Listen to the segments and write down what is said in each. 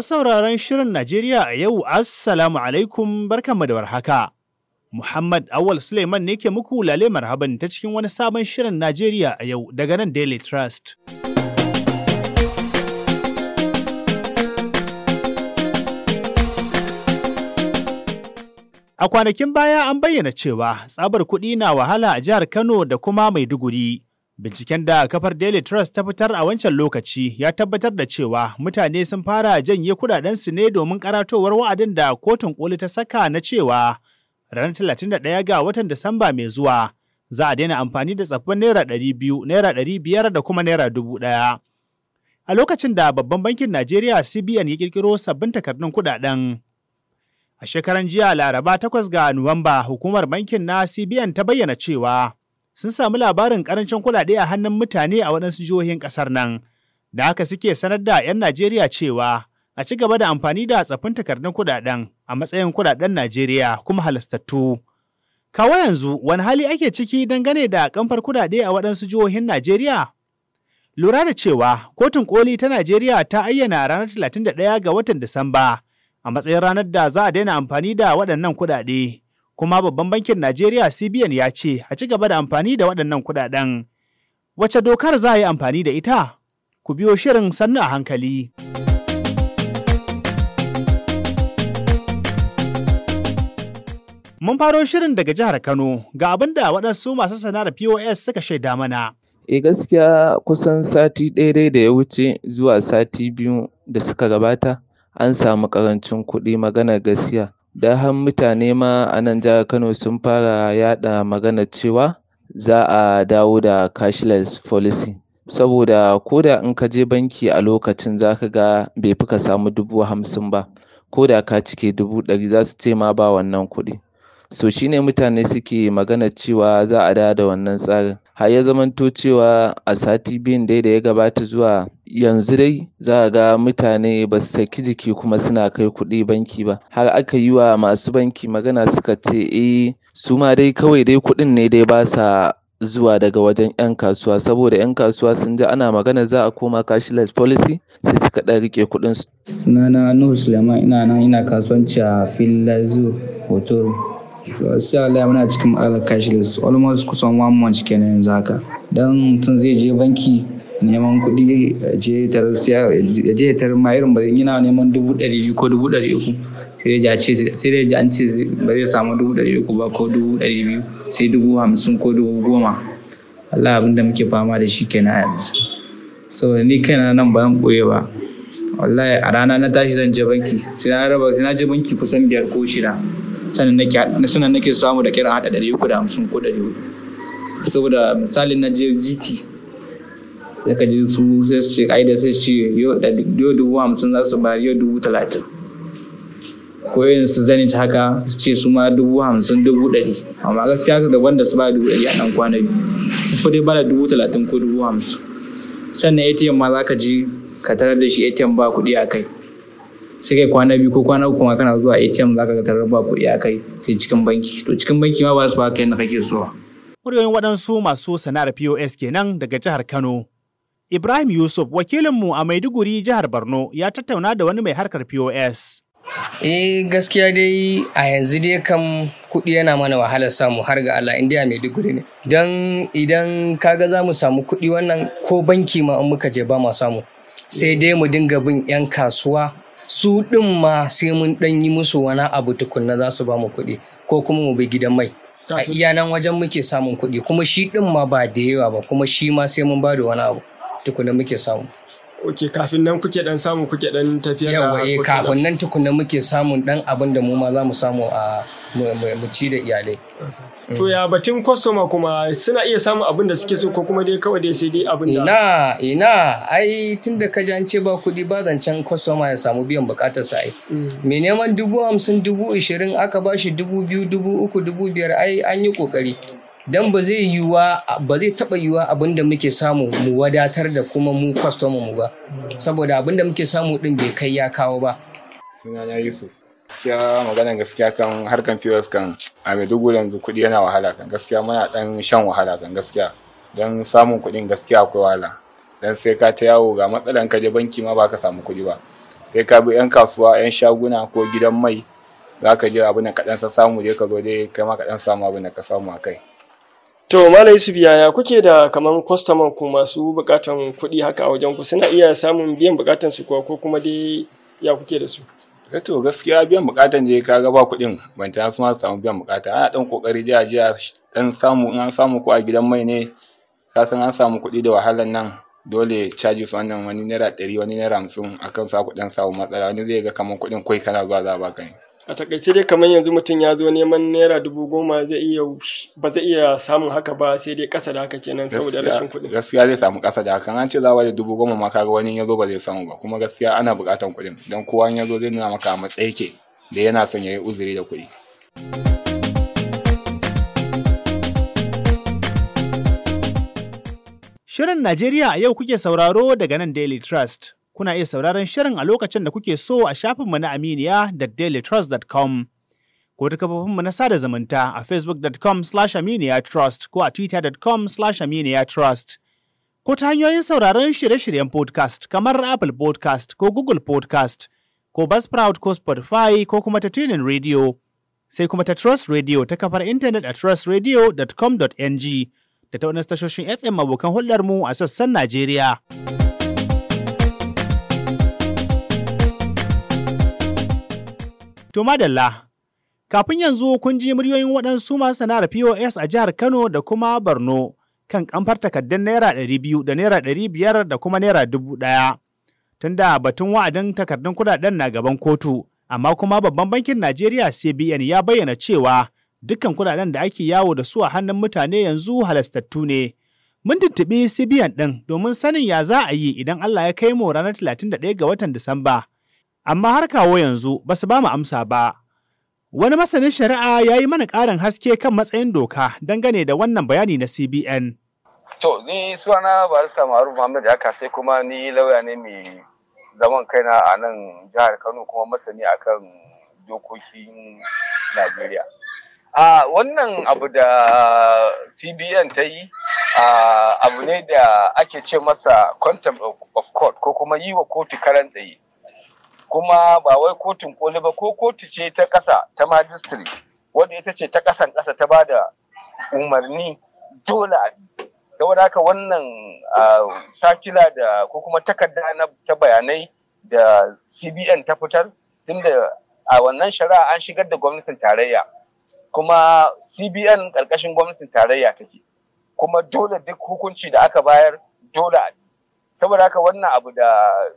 Masu sauraron Shirin Najeriya a yau, Assalamu alaikum barkanmu da warhaka. Muhammad Awal Suleiman ne ke muku lale marhaban ta cikin wani sabon Shirin Najeriya a yau daga nan Daily Trust. A kwanakin baya an bayyana cewa tsabar kuɗi na wahala a jihar Kano da kuma Maiduguri. Binciken da kafar Daily Trust ta fitar a wancan lokaci ya tabbatar da cewa mutane sun fara janye kudadensu ne domin karatowar wa'adin da kotun koli ta saka na cewa ranar 31 ga watan Disamba mai zuwa za a daina amfani da tsaffin naira biyu, naira biyar, da kuma naira dubu 1000. A lokacin da babban bankin Najeriya CBN ya kirkiro sabbin takardun kudaden. A shekaran jiya Laraba takwas ga Nuwamba hukumar bankin na CBN ta bayyana cewa sun samu labarin karancin kuɗaɗe a hannun mutane a waɗansu jihohin ƙasar nan, da haka suke sanar da 'yan Najeriya cewa a ci gaba da amfani da tsafin takardun kuɗaɗen a matsayin kuɗaɗen Najeriya kuma halastattu. Kawo yanzu wani hali ake ciki dangane da kamfar kuɗaɗe a waɗansu jihohin Najeriya? Lura da cewa kotun koli ta Najeriya ta ayyana ranar 31 ga watan Disamba a matsayin ranar da za a daina amfani da waɗannan kuɗaɗe. Kuma babban bankin Najeriya CBN ya ce a ci gaba da amfani da waɗannan kuɗaɗen. Wace dokar za a yi amfani da ita? Ku biyo shirin sannu a hankali. Mun faro shirin daga jihar Kano ga abin da waɗansu masu sana'ar POS suka shaida mana. E gaskiya kusan sati ɗaya da ya wuce zuwa sati biyu da suka gabata an samu ƙarancin kuɗi magana gaskiya Da har mutane ma a nan jihar Kano sun fara yaɗa maganar cewa za a dawo da cashless policy. Saboda ko da in ka je banki a lokacin za ka ga bai fi ka samu dubu hamsin ba, ko da ka cike dubu ɗari za su ce ma ba wannan kuɗi. So shi ne mutane suke maganar cewa za a dawo da wannan tsarin. Har ya zamanto cewa a sati biyun dai da ya gabata zuwa yanzu dai za a ga mutane ba su saki jiki kuma suna kai kuɗi banki ba har aka yi wa masu banki magana suka ce e. su ma dai kawai dai kuɗin ne dai ba sa zuwa daga wajen 'yan kasuwa saboda 'yan kasuwa sun ji ana magana za a koma cashless policy sai suka ɗan rike kuɗin su. sunana nuhu suleiman ina nan ina kasuwanci a filazu hoto Allah muna cikin ma'alar cashless almost kusan one month kenan yanzu haka dan mutum zai je banki neman kuɗi je siya je tarar ma irin ba yana neman dubu ɗari biyu ko dubu ɗari uku sai dai an ce ba zai samu dubu ɗari uku ba ko dubu ɗari biyu sai dubu hamsin ko dubu goma Allah abin da muke fama da shi kenan a yanzu so ni kaina nan ba zan koye ba wallahi a rana na tashi zan je banki sai na raba sai na je banki kusan biyar ko shida sannan nake sannan nake samu da kira hada ɗari uku da hamsin ko ɗari uku saboda misalin na je GT zaka ka ji su sai su ce ai da sai su ce yau dubu hamsin za su bayar yau dubu talatin ko yin su zani ta haka su ce su ma dubu hamsin dubu ɗari amma gaskiya da wanda su ba dubu ɗari a ɗan kwana biyu su fi dai bada dubu talatin ko dubu hamsin sannan atm ma za ka ji ka tarar da shi atm ba kuɗi a kai sai kai kwana biyu ko kwana uku ma kana zuwa atm za ka tarar ba kuɗi a kai sai cikin banki to cikin banki ma ba su ba kai na kake zuwa. Muryoyin waɗansu masu sana'ar POS kenan daga jihar Kano. Ibrahim Yusuf, wakilinmu a Maiduguri jihar Borno ya tattauna da wani mai harkar POS. Eh gaskiya dai a yanzu dai kan kuɗi yana mana wahalar samu har ga Allah indiya Maiduguri ne. Don idan kaga za mu samu kuɗi wannan ko banki ma in muka je ba ma samu. Sai dai mu dinga bin 'yan kasuwa su ɗin ma sai mun ɗan yi musu wani abu tukunna za su ba mu kuɗi ko kuma mu bi gidan mai. A iya nan wajen muke samun kuɗi kuma shi ɗin ma ba da yawa ba kuma shi ma sai mun ba da wani abu. tukuna muke samu ok kafin nan kuke dan samu kuke dan tafiya da yawa eh kafin nan tukuna muke samun dan abin da mu ma za mu samu a mu ci da iyalai to ya batun kwastoma kuma suna iya samun abin da suke so ko kuma dai kawai dai sai dai abin da ina ina ai tunda ka ji an ce ba kuɗi ba zancen kwastoma ya samu biyan bukatar sa ai mm. me neman dubu hamsin dubu ishirin aka ba shi dubu biyu dubu uku dubu biyar ai an yi kokari don ba zai yiwuwa ba zai taɓa yiwuwa abin da muke samu mu wadatar da kuma mu kwastoma mu ba saboda abin da muke samu din bai kai ya kawo ba sunana yusuf gaskiya maganar gaskiya kan harkan POS kan a dubu yanzu kuɗi yana wahala kan gaskiya muna ɗan shan wahala kan gaskiya don samun kuɗin gaskiya akwai wahala dan sai ka ta yawo ga matsalan ka je banki ma baka samu kuɗi ba sai ka bi yan kasuwa yan shaguna ko gidan mai za ka je abin da ka samu je ka zo dai kai ma ka samu abin da ka samu a kai To su biya ya kuke da kamar kwastaman ku masu bukatan kuɗi haka a wajen ku suna iya samun biyan bukatan su ko kuma dai ya kuke da su? Eh to gaskiya biyan bukatan je ka ba kuɗin ban ta su ma samu biyan bukata ana ɗan kokari jiya jiya ɗan samu in an samu ko a gidan mai ne ka san an samu kuɗi da wahalar nan dole caji su wannan wani naira ɗari wani naira hamsin akan sa kuɗin samu matsala wani zai ga kaman kuɗin kwai kana zuwa za a baka a takaice dai kamar yanzu mutum ya zo neman naira dubu goma zai ba zai iya samun haka ba sai dai kasa da haka kenan saboda rashin kuɗi gaskiya zai samu kasa da haka an ce za da dubu goma ma kaga wani ya zo ba zai samu ba kuma gaskiya ana buƙatan kuɗin don kowa ya zo zai nuna maka matsayi ke da yana son ya yi uzuri da kuɗi. Shirin Najeriya a yau kuke sauraro daga nan Daily Trust. Kuna iya sauraron shirin a lokacin da kuke so a shafinmu na Aminiya da dailytrust.com ko ta kafofinmu na sada zumunta a facebook.com slash aminiyatrust ko a twitter.com slash aminiyatrust ko ta hanyoyin sauraron shirye-shiryen podcast kamar Apple podcast ko Google podcast ko Basprout ko Spotify ko kuma ta tunin radio. sai kuma ta Trust Radio ta kafar intanet a trustradio.com.ng da ta wani tashoshin FM abokan hulɗarmu a sassan Najeriya. To madalla, kafin yanzu kun ji muryoyin waɗansu masu sana'ar POS a jihar Kano da kuma Borno kan kamfar takardar Naira ɗari biyu da Naira ɗari biyar da kuma Naira dubu ɗaya. Tunda batun wa'adin takardun kuɗaɗen na gaban kotu, amma kuma babban bankin Najeriya CBN ya bayyana cewa dukkan kuɗaɗen da ake yawo da su a hannun mutane yanzu halastattu ne. Mun tuntuɓi CBN ɗin domin sanin ya za a yi idan Allah ya kai mu ranar ɗaya ga watan Disamba. amma har kawo yanzu ba su ba mu amsa ba. Wani masanin shari'a ya yi mana ƙarin haske kan matsayin doka dangane da wannan bayani na CBN. To, ni suna Barista Ma'aruf Muhammad ya sai kuma ni lauya ne mai zaman kaina a nan jihar Kano kuma masani akan dokokin Najeriya. A wannan abu da CBN ta yi abu ne da ake ce masa contempt of court ko kuma yi wa kotu karan tsaye. kuma ba wai kotun koli ba ko kotu ce ta ƙasa ta majistri wadda ita ce ta ƙasan kasa ta ba da umarni dole a saboda haka wannan sakila da ko kuma takarda ta bayanai da cbn ta fitar tunda a wannan shari'a an shigar da gwamnatin tarayya kuma cbn karkashin gwamnatin tarayya take kuma dole duk hukunci da aka bayar dole a saboda haka wannan abu da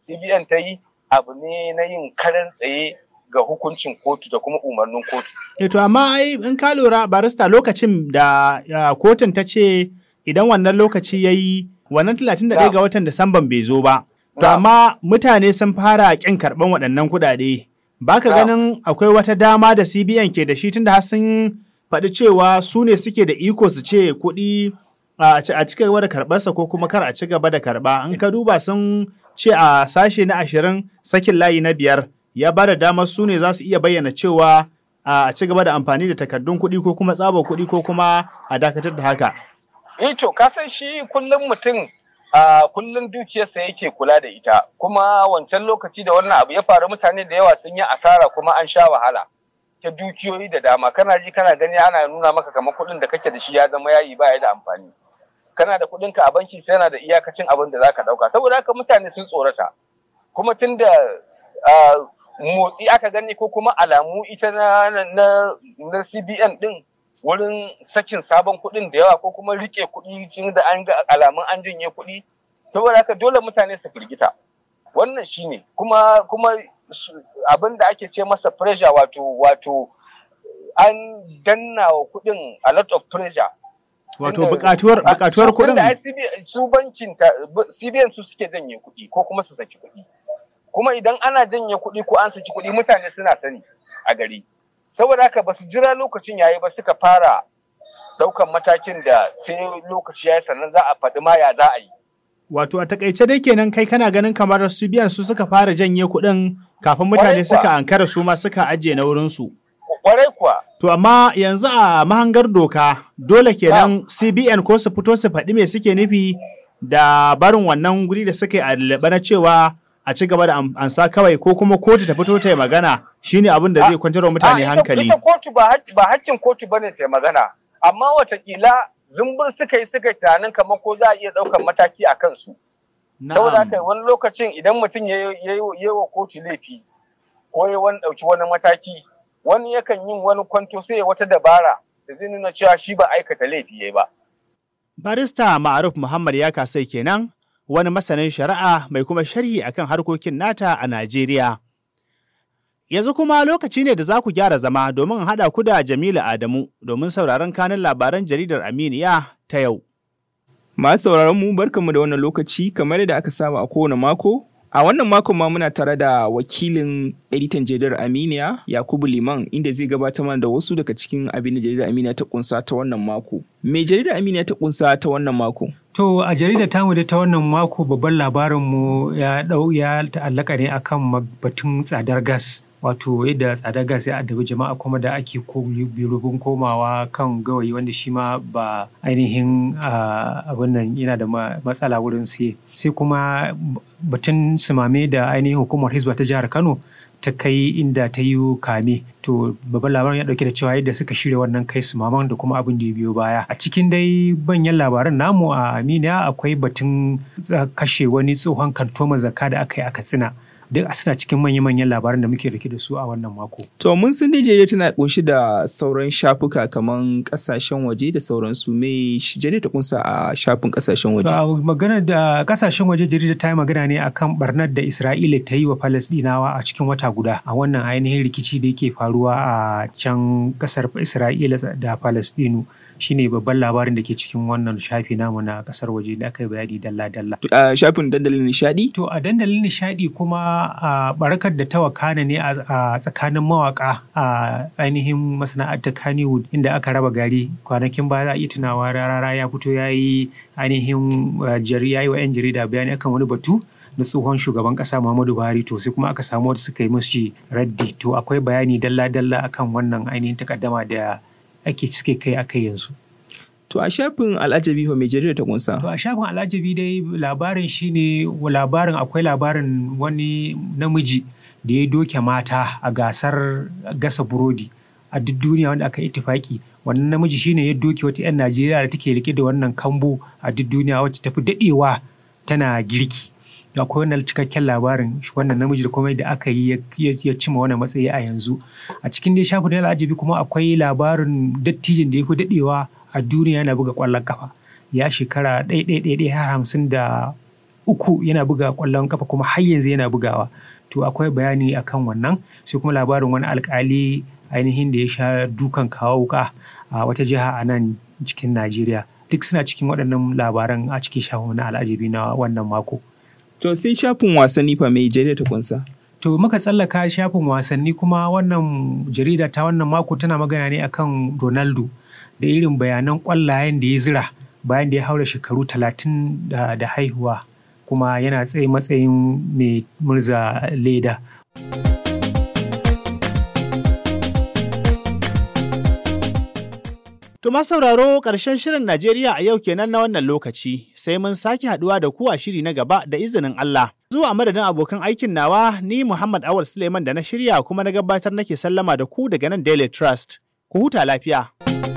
cbn ta yi abu ne na yin karan tsaye ga hukuncin kotu da kuma umarnin kotu. Eh, to amma ai in ka lura barista lokacin da kotun ta ce idan wannan lokaci ya yi wannan 31 ga watan Disamban bai zo ba. To amma mutane sun fara ƙin karɓan waɗannan kuɗaɗe. Ba ka ganin akwai wata dama da CBN ke da shi tun da sun faɗi cewa su ne suke da iko su ce kuɗi a ci gaba da karɓarsa ko kuma kar a ci gaba da karɓa. In ka duba sun ce a sashe na ashirin sakin layi na biyar ya ba da damar su ne za su iya bayyana cewa a ci gaba da amfani da takardun kuɗi ko kuma tsabar kuɗi ko kuma a dakatar da haka. Eh to ka shi kullum mutum a kullum dukiyarsa yake kula da ita kuma wancan lokaci da wannan abu ya faru mutane da yawa sun yi asara kuma an sha wahala ta dukiyoyi da dama kana ji kana gani ana nuna maka kamar kuɗin da kake da shi ya zama yayi ba ya da amfani. kana da kuɗinka a banki sai yana da iyakacin abin da zaka ɗauka saboda haka mutane sun tsorata kuma tun da motsi aka gani ko kuma alamu ita na, cbn din wurin sakin sabon kuɗin da yawa ko kuma rike kuɗi cikin da an ga alamun an janye kuɗi saboda haka dole mutane su firgita wannan shine kuma kuma abin da ake ce masa pressure wato an danna wa kuɗin a lot of pressure Wato bukatuwar bukatuwar kuɗin. Da su bankin CBN su suke janye kuɗi ko kuma su saki kuɗi. Kuma idan ana janye kuɗi ko an saki kuɗi mutane suna sani a gari. Saboda haka ba su jira lokacin yayi ba suka fara ɗaukan matakin da sai lokaci yayi sannan za a faɗi ma ya za a yi. Wato a takaice dai kenan kai kana ganin kamar su biyan su suka fara janye kuɗin kafin mutane suka ankara su ma suka ajiye na su. Kwarai kuwa, To amma yanzu a mahangar doka dole kenan CBN ko su fito su faɗi mai suke nufi da barin wannan guri da suka yi a na cewa a ci gaba da ansa kawai ko kuma kotu ta fito ta yi magana shine abin da zai kwantar wa mutane hankali. kotu ba haccin kotu bane ta yi amma watakila zumbur suka yi suka tunanin kamar ko za iya ɗaukar mataki a kansu. Saboda haka wani lokacin idan mutum ya yi wa kotu laifi ko ya wani ɗauki wani mataki wani yakan yin wani kwanto sai wata dabara da zai nuna cewa shi ba aikata laifi ya ba barista ma'aruf muhammad ya kasai kenan wani masanin shari'a mai kuma sharhi akan harkokin nata a najeriya yanzu kuma lokaci ne da za ku gyara zama domin haɗa ku da jamilu adamu domin sauraron kanin labaran jaridar aminiya ta yau masu sauraron mu barkanmu da wannan lokaci kamar yadda aka saba a kowane mako A wannan makon ma muna tare da wakilin editan jaridar Aminiya Yakubu Liman inda zai gabatar mana da wasu daga cikin abin da jaridar Aminiya ta kunsa ta wannan mako. Me jaridar Aminiya ta kunsa ta wannan mako? To a jaridar tamu da ta wannan mako babban labarinmu ya dau ya ta'allaka ne akan batun tsadar gas. wato yadda tsada gas sai addabi jama'a kuma da ake birubin komawa kan gawayi wanda shi ma ba ainihin ah, abin yana da matsala wurin siye sai kuma batun sumame da ainihin hukumar hizba ta jihar kano ta kai inda ta yi kame to babban labarin ya dauke da cewa yadda suka shirya wannan kai sumaman da kuma abin da ya biyo baya a cikin dai banyan labaran namu a aminiya akwai batun ah, kashe wani tsohon kantoma zaka da aka yi a katsina duk suna cikin manya-manyan labaran da muke rike da su a wannan mako. To mun san Nijeriya tana kunshi da sauran shafuka kamar kasashen waje da sauransu me jarida ta kunsa a shafin kasashen waje. Ah, magana da kasashen waje jarida ta yi magana ne akan barnar da Isra'ila ta yi wa Falasɗinawa a cikin wata guda a wannan ainihin rikici da yake faruwa a can kasar Isra'ila da Falasɗinu. shine babban labarin da ke cikin wannan shafi namu na kasar waje da aka yi bayani dalla-dalla. A shafin dandalin nishadi? To a dandalin nishadi kuma a barakar da ta wakana ne a tsakanin mawaka a ainihin masana'antar Kannywood inda aka raba gari kwanakin baya za a iya tunawa rarara ya fito ya yi ainihin jari ya yi wa 'yan jarida bayani akan wani batu na tsohon shugaban kasa Muhammadu Buhari to sai kuma aka samu wata suka yi musu raddi to akwai bayani dalla-dalla akan wannan ainihin takaddama da ake cike kai a yanzu. To a shafin al'ajabi fa mai jarida ta kunsa? To a shafin al'ajabi dai labarin shi ne labarin akwai labarin wani namiji da ya doke mata a gasar gasa burodi a duk duniya wanda aka itifaki wannan namiji shine ya doke wata 'yan Najeriya da take rike da wannan kambo a duk duniya wacce tafi dadewa tana girki. akwai wannan cikakken labarin wannan namiji da komai da aka yi ya cima wannan matsayi a yanzu a cikin dai shafin da al'ajabi kuma akwai labarin dattijin da ya fi daɗewa a duniya yana buga ƙwallon kafa ya shekara ɗaya har hamsin da uku yana buga ƙwallon kafa kuma har yanzu yana bugawa to akwai bayani akan wannan sai kuma labarin wani alƙali ainihin da ya sha dukan kawo wuka a wata jiha a nan cikin najeriya duk suna cikin waɗannan labaran a cikin shafin na al'ajabi na wannan mako. To sai shafin wasanni fa mai jarida ta kunsa. To muka tsallaka shafin wasanni kuma wannan jarida ta wannan mako tana magana ne akan Ronaldo da irin bayanan kwallayen da ya zira bayan da ya haura shekaru talatin da haihuwa kuma yana tsaye matsayin mai murza leda. Tuma sauraro ƙarshen shirin Najeriya a yau kenan na wannan lokaci, sai mun sake haɗuwa da kuwa shiri na gaba da izinin Allah. Zuwa madadin abokan aikin nawa ni Muhammad Awal Suleiman da na shirya kuma na gabatar nake sallama da ku daga nan Daily Trust. Ku huta lafiya.